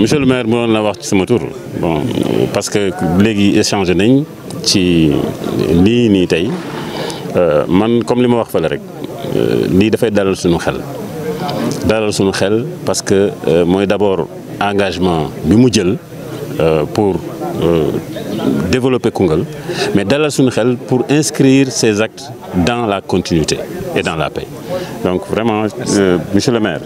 monsieur le maire je vais vous donner sama tur bon parce que les échange nañ ci ni tay euh man comme li ma wax fële rek euh, da je dalal suñu xel dalal suñu xel parce que suis euh, d'abord engagement bi mu jël euh, pour développer Congo, mais dalal suñu xel pour inscrire ces actes dans la continuité et dans la paix donc vraiment monsieur le maire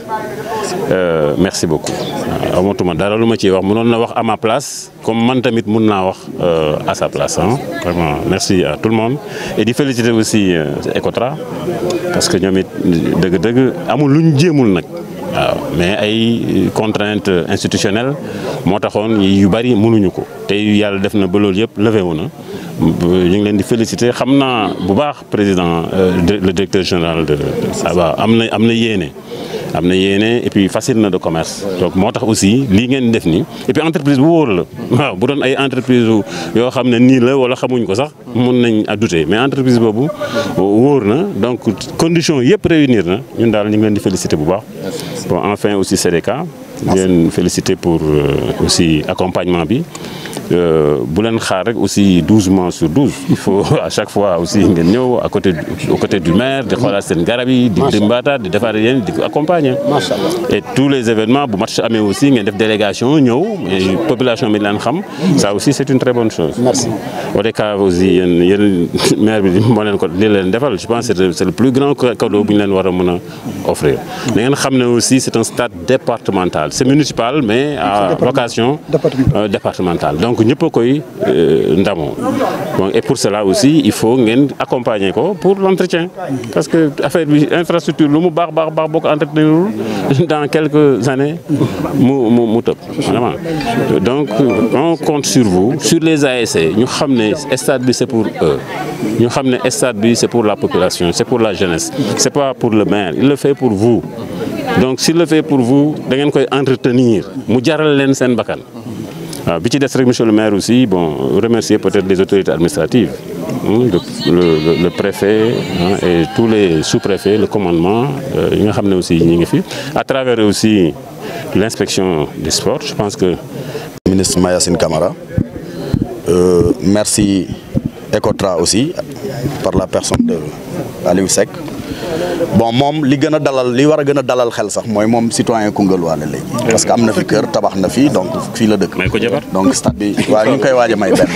euh, merci beaucoup euh, amatuma dara lu ma wax mënoon na wax à ma place comme man tamit mun na wax euh, à sa place hein vraiment merci à tout le monde et di féliciter aussi Ecotra parce que ñomit deug deug amul luñu jémul nak mais ay contraintes institutionnelles mo taxone yu bari mënuñu ko te yalla def na ba loolu yépp levé wona ñu ngi leen di féliciter xamna bu baax président le directeur général de ça va amna amna yéné am na et puis facile de commerce donc moo aussi ligne ngeen def et puis entreprise bu wóor la waaw bu doon ay entreprise yoo xam ne la wala xamuñ ko sax mun nañ douter mais entreprise babou wóor donc condition y réunir na ñun daal ñu ngi di féliciter bu baax bon enfin aussi le cas leen féliciter pour euh, aussi accompagnement bi euh, bu leen aussi doucement mois sur 12, il faut à chaque fois aussi ngeen ñëw à côté au côté du maire de la seen de yi de des d'accompagner. et tous les événements bu match amé aussi ngeen def délégation ñëw population de leen xam ça aussi c'est une très bonne chose Merci. aussi le maire bi je pense que c'est le plus grand cadeau que ñu leen offrir aussi c'est un stade départemental c'est municipal mais à vocation départementale euh, donc ne pouvons pas faire bon et pour cela aussi il faut accompagner pour l'entretien parce que l'infrastructure, infrastructure nous mu baax dans quelques années mu mu mu donc on compte sur vous sur les ASC e. nous savons que stade bi c'est pour eux nous savons que stade bi c'est pour la population c'est pour la jeunesse Ce n'est pas pour le maire il le fait pour vous donc s'il le fait pour vous vous ngeen entretenir waaw ah, monsieur le maire aussi bon remercier peut-être les autorités administratives hein, le préfet hein, et tous les sous-préfets le commandement euh, aussi à travers aussi l'inspection des sports je pense que. ministre Mayasin Camara euh, merci Ecotra aussi par la personne de Aliou bon mom li gëna dalal li war gëna dalal xel sax moy mom citoyen Koungheul waale léegi parce que amna fi kër tabax na fi donc fi la dëkk donc stade bi wa ñu koy waaj may ben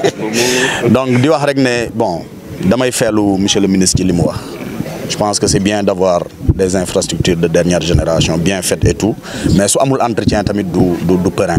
donc di wax rek né bon damay feelu monsieur le ministre ci limu wax je pense que c'est bien d'avoir des infrastructures de dernière génération bien faites et tout mais su amul entretien tamit du du du terrain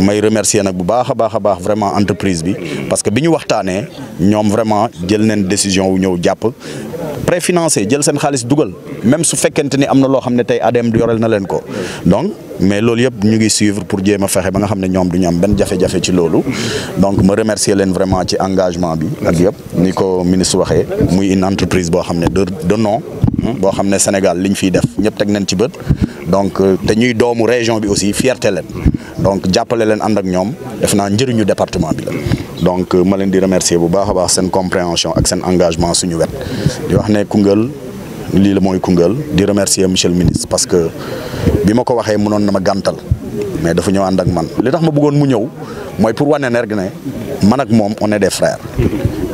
may remercier nak bu baax a baax vraiment entreprise bi parce que biñu waxtané ñom vraiment jël neen décision wu ñëw jàpp préfinancer, jël sen xaliss dugal même su fekkenté ni amna lo xamné tay ne du yorel na len ko donc mais lool yëpp ñu ngi suivre pour jéem a ba nga xamné ñom du ñam ben jafé jafé ci loolu donc ma remercier len vraiment ci engagement bi ak yëpp ni ko ministre waxé muy une entreprise bo xamné de de Mhm. bo xamné Sénégal liñ fiy def ñëpp tek nañ ci bëtt donc euh, té ñuy doomu région bi aussi fierté leen donc jàppale leen and ak ñom def naa njëriñu département bi la donc euh, ma leen di remercier bu baax baax sen compréhension ak sen engagement suñu wet di wax né Koungheul li la moy Koungheul di remercier monsieur le ministre parce que bima ko waxé mënon na ma gantal mais dafa ñëw and ak man li tax ma bëggoon mu ñëw moy pour wané ne rek man ak mom on est des frères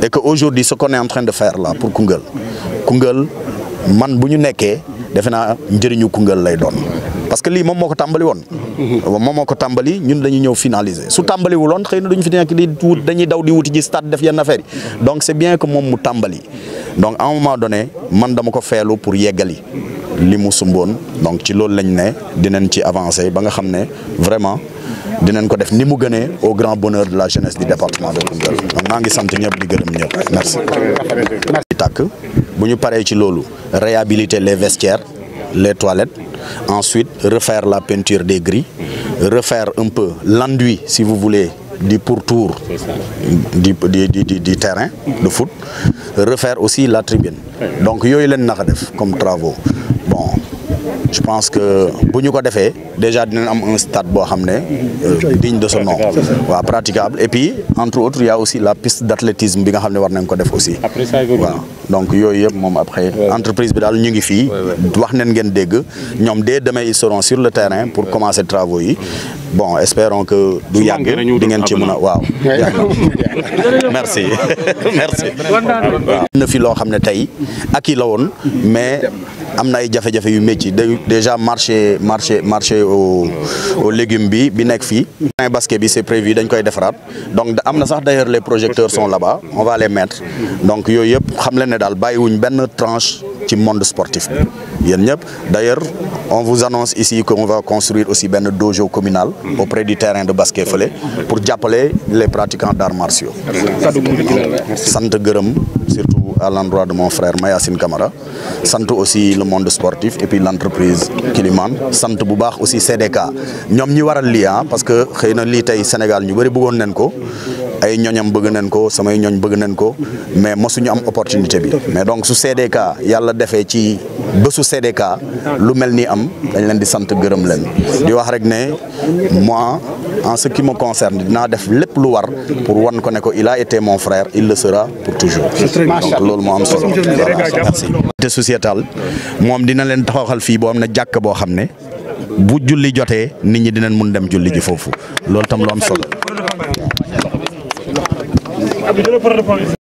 et que aujourd'hui ce qu'on est en train de faire là pour Koungheul Koungheul man bu ñu nekkee defe naa njëriñu Koungheul lay doon parce que lii moom moo ko tàmbali woon. moom moo ko tàmbali ñun dañuy ñëw finaliser su tàmbali wuloon xëy na duñu fi nekk di wut dañuy daw di wuti ji stade def yenn affaire yi donc c'est bien que moom mu tàmbali donc à un moment donné man dama ko feelu pour yeggali li mu sumboon donc ci loolu lañ ne dinañ ci avancer ba nga xam ne vraiment dinañ ko def ni mu gënee au grand bonheur de la jeunesse du département de Koungheul donc ngi sant ñëpp di gërëm ñëpp tàkk. réhabiliter les vestiaires les toilettes ensuite refaire la peinture des gris refaire un peu l'enduit si vous voulez du pourtour du, terrain de foot, refaire aussi la tribune. Donc, il y a comme travaux. Bon, je pense que si nous avons déjà un stade euh, digne de son nom, praticable. Et puis, entre autres, il y a aussi la piste d'athlétisme Après ça, il donc yooyu yëpp après entreprise bi daal ñu ngi fii wax neen ngeen dégg ñoom dès demain ils seront sur le terrain pour commencer travaux yi bon espérons que du yàgg di ngeen ci mën waaw merci merci na fi loo xam ne tey ak mais amna ay jafé jafé yu métti déjà marché marché marché au au bi bi nek fi terrain basket bi c'est prévu dañ koy defaraat donc amna sax d'ailleurs les projecteurs sont là-bas on va les mettre donc yoyep yëpp xam leen d'albaï ou une tranche du monde sportif d'ailleurs on vous annonce ici qu'on va construire aussi un dojo communal auprès du terrain de basket fële pour appeler les pratiquants d'arts martiaux santé gërem surtout à l'endroit de mon frère Maya Camara santé aussi le monde sportif et puis l'entreprise Kiliman. sante bu aussi CDK Nous ñi waral li ah, parce que nous sommes venus Sénégal ñu bari nañ ko ay ñoñam bëgg nañ ko samay ñoñ bëgg nañ ko mais mosuñu am opportunité bi mais donc su CDK yàlla defee ci bésu CDK lu mel ni am dañ leen di sant gërëm leen di wax rek ne moi en ce qui me concerne dinaa def lépp lu war pour wan ko ne ko il a été mon frère il le sera pour toujours donc loolu moo am solo te sociétal moom dina leen taxawal fii boo am na jàkk boo xam ne bu julli jotee nit ñi dinañ mun dem julli ji foofu loolu tam lu am solo Abbiamo per le